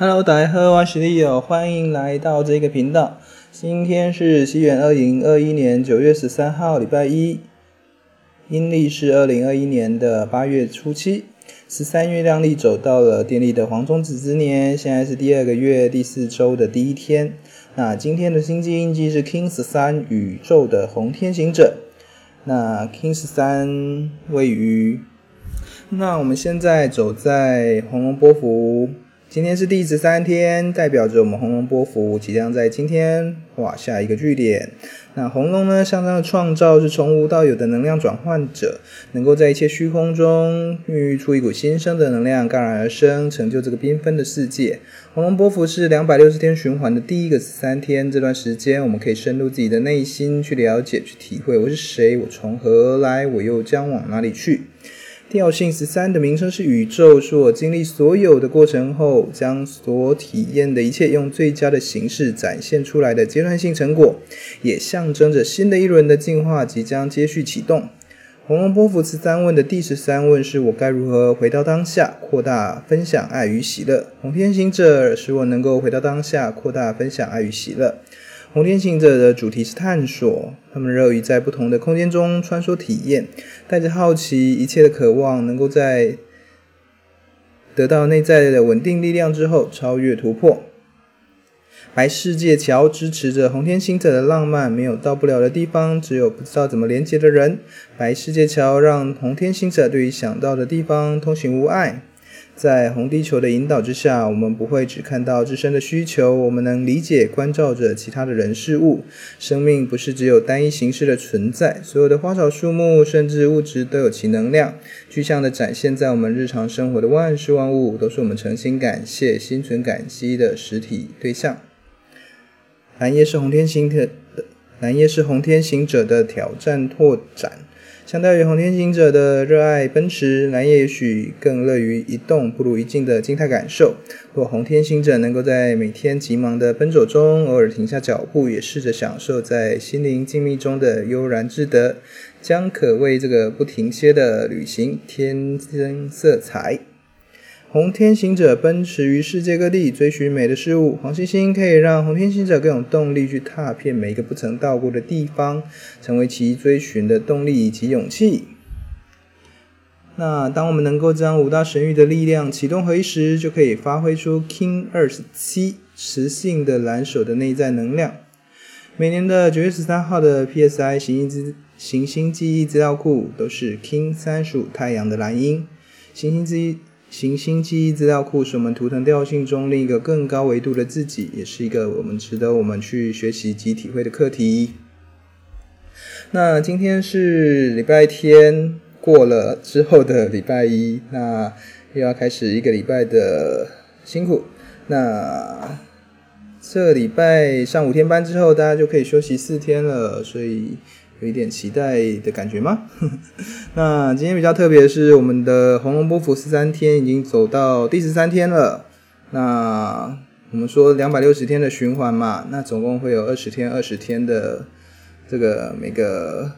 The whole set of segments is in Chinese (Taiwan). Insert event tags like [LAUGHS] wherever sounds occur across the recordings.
Hello，大家好，我是麗友，歡迎來到這個頻道。今天是西元二零二一年九月十三號，禮拜一，陰曆是二零二一年的八月初七。十三月亮曆走到了電力的黃種子之年，現在是第二個月第四周的第一天。那今天的星際印記是 KIN 十三宇宙的紅天行者。那 KIN 十三位於，那我們現在走在紅龍波符。今天是第十三天，代表着我們紅龍波符即將在今天畫下一個句點。那紅龍呢，象徵的創造是從無到有的能量轉換者，能夠在一切虛空中孕育出一股新生的能量，戛然而生，成就這個繽紛的世界。紅龍波符是兩百六十天循環的第一個十三天，這段時間我們可以深入自己的內心去了解、去體會，我是誰，我從何而來，我又將往哪裡去。調性十三的名稱是宇宙，是我經歷所有的過程後，將所體驗的一切用最佳的形式展現出來的階段性成果，也象徵着新的一輪的進化即將接續啟動。《紅龍波符十三問》的第十三問是我該如何回到當下，擴大分享愛與喜樂。紅天行者使我能夠回到當下，擴大分享愛與喜樂。紅天行者的主題是探索，他們熱於在不同的空間中穿梭體驗，帶着好奇一切的渴望，能夠在得到內在的穩定力量之後超越突破。白世界橋支持着紅天行者的浪漫，沒有到不了的地方，只有不知道怎麼連接的人。白世界橋讓紅天行者對於想到的地方通行無礙。在紅地球的引導之下，我們不會只看到自身的需求，我們能理解關照着其他的人事物。生命不是只有單一形式的存在，所有的花草樹木，甚至物質都有其能量，具象的展現在我們日常生活的萬事萬物，都是我們誠心感謝、心存感激的實體對象。藍夜是紅天行者的藍夜是紅天行者的挑戰拓展。相對於紅天行者的熱愛奔馳，藍夜也許更樂於一動不如一靜的靜態感受。若紅天行者能夠在每天急忙的奔走中偶爾停下腳步，也試着享受在心靈靜謐中的悠然自得，將可為這個不停歇的旅行添增色彩。紅天行者奔馳於世界各地，追尋美的事物。黃星星可以讓紅天行者更有動力去踏遍每一個不曾到過的地方，成為其追尋的動力以及勇氣。那當我們能夠將五大神域的力量啟動合一時，就可以發揮出 KIN 二十七磁性的藍手的內在能量。每年的九月十三號的 PSI 行星之行星記憶資料庫都是 KIN 三十五太陽的藍鷹行星記憶行星記憶資料庫是我們圖騰調性中另一個更高維度的自己，也是一個我們值得我們去學習及體會的課題。那今天是禮拜天，過了之後的禮拜一，那又要開始一個禮拜的辛苦。那這禮拜上五天班之後，大家就可以休息四天了，所以。有一點期待的感覺嗎？ [LAUGHS] 那今天比較特別的是我們的紅龍波符十三天已經走到第十三天了。那我們說兩百六十天的循環嘛，那總共會有二十天、二十天的這個每個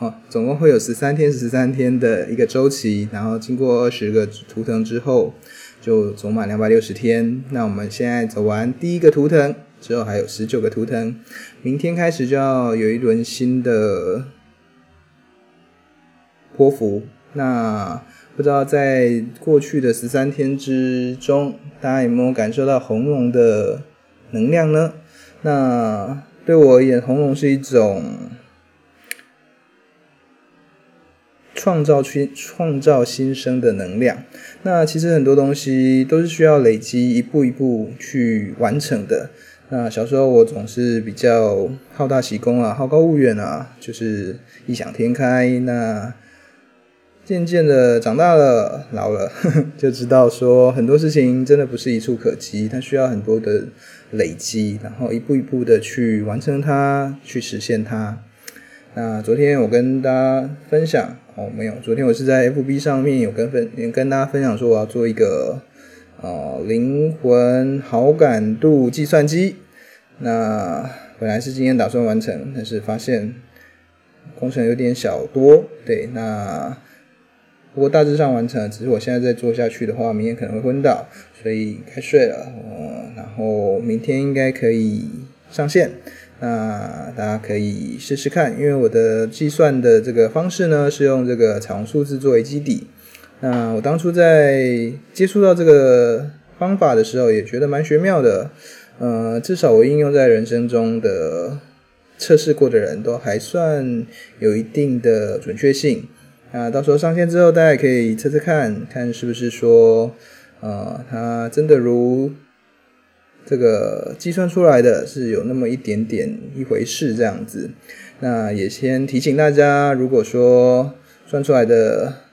哦，總共會有十三天、十三天的一個周期。然後經過二十個圖騰之後，就走滿兩百六十天。那我們現在走完第一個圖騰。之後還有十九個圖騰，明天開始就要有一輪新的波幅。那不知道在過去的十三天之中，大家有沒有感受到紅龍的能量呢？那對我而言，紅龍是一種創造出創造新生的能量。那其實很多東西都是需要累積，一步一步去完成的。那小時候我總是比較好大喜功啊，好高騖遠啊，就是異想天開。那漸漸的長大了，老了， [LAUGHS] 就知道說很多事情真的不是一觸可及，它需要很多的累積，然後一步一步的去完成它，去實現它。那昨天我跟大家分享哦，沒有，昨天我是在 FB 上面有跟分有跟大家分享說我要做一個。哦，靈魂好感度計算機，那本來是今天打算完成，但是發現工程有點小多。對，那不過大致上完成了，只是我現在再做下去的話，明天可能會昏倒，所以該睡了。嗯，然後明天應該可以上線，那大家可以試試看，因為我的計算的這個方式呢，是用這個彩虹數字作為基底。那我當初在接觸到這個方法的時候，也覺得蠻玄妙的。呃，至少我應用在人生中的測試過的人都還算有一定的準確性。那到時候上線之後，大家可以測測看看，是不是說，呃，它真的如這個計算出來的是有那麼一點點一回事這樣子。那也先提醒大家，如果說算出來的。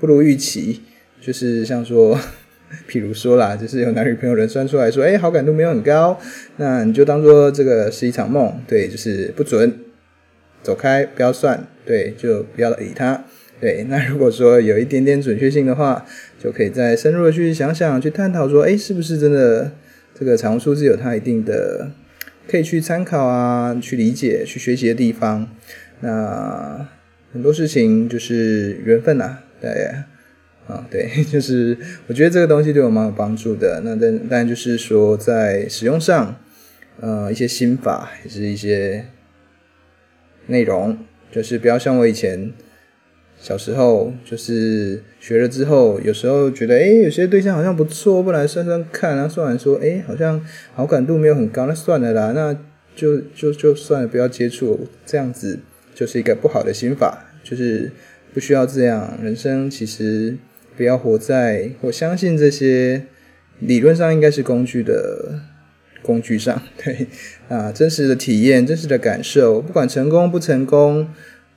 不如預期，就是像說，譬如說啦，就是有男女朋友人算出來說，哎、欸，好感度沒有很高，那你就當做這個是一場夢，對，就是不準，走開，不要算，對，就不要理他，對。那如果說有一點點準確性的話，就可以再深入的去想想，去探討說，哎、欸，是不是真的這個長數字有它一定的可以去參考啊、去理解、去學習的地方？那很多事情就是緣分吶、啊。對啊，啊、哦，對，就是我覺得這個東西對我蠻有幫助的。那但但就是說，在使用上，呃，一些心法也是一些內容，就是不要像我以前小時候，就是學了之後，有時候覺得，誒，有些對象好像不錯，不然來算算看，然後算完說，誒，好像好感度沒有很高，那算了啦，那就就就算了，不要接觸，這樣子就是一個不好的心法，就是。不需要這樣，人生其實不要活在我相信這些理論上應該是工具的工具上，對啊，真實的體驗、真實的感受，不管成功不成功，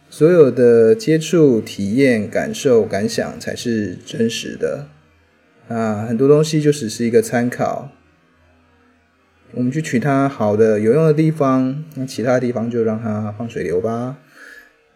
所有的接觸、體驗、感受、感想才是真實的啊。很多東西就只是一個參考，我們去取它好的、有用的地方，那其他地方就讓它放水流吧。